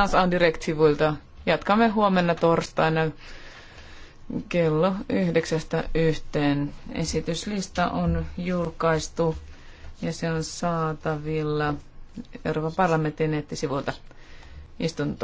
Transan-direktiivuilta. Jatkamme huomenna torstaina kello yhdeksästä yhteen. Esityslista on julkaistu ja se on saatavilla Euroopan parlamentin nettisivuilta. Istunto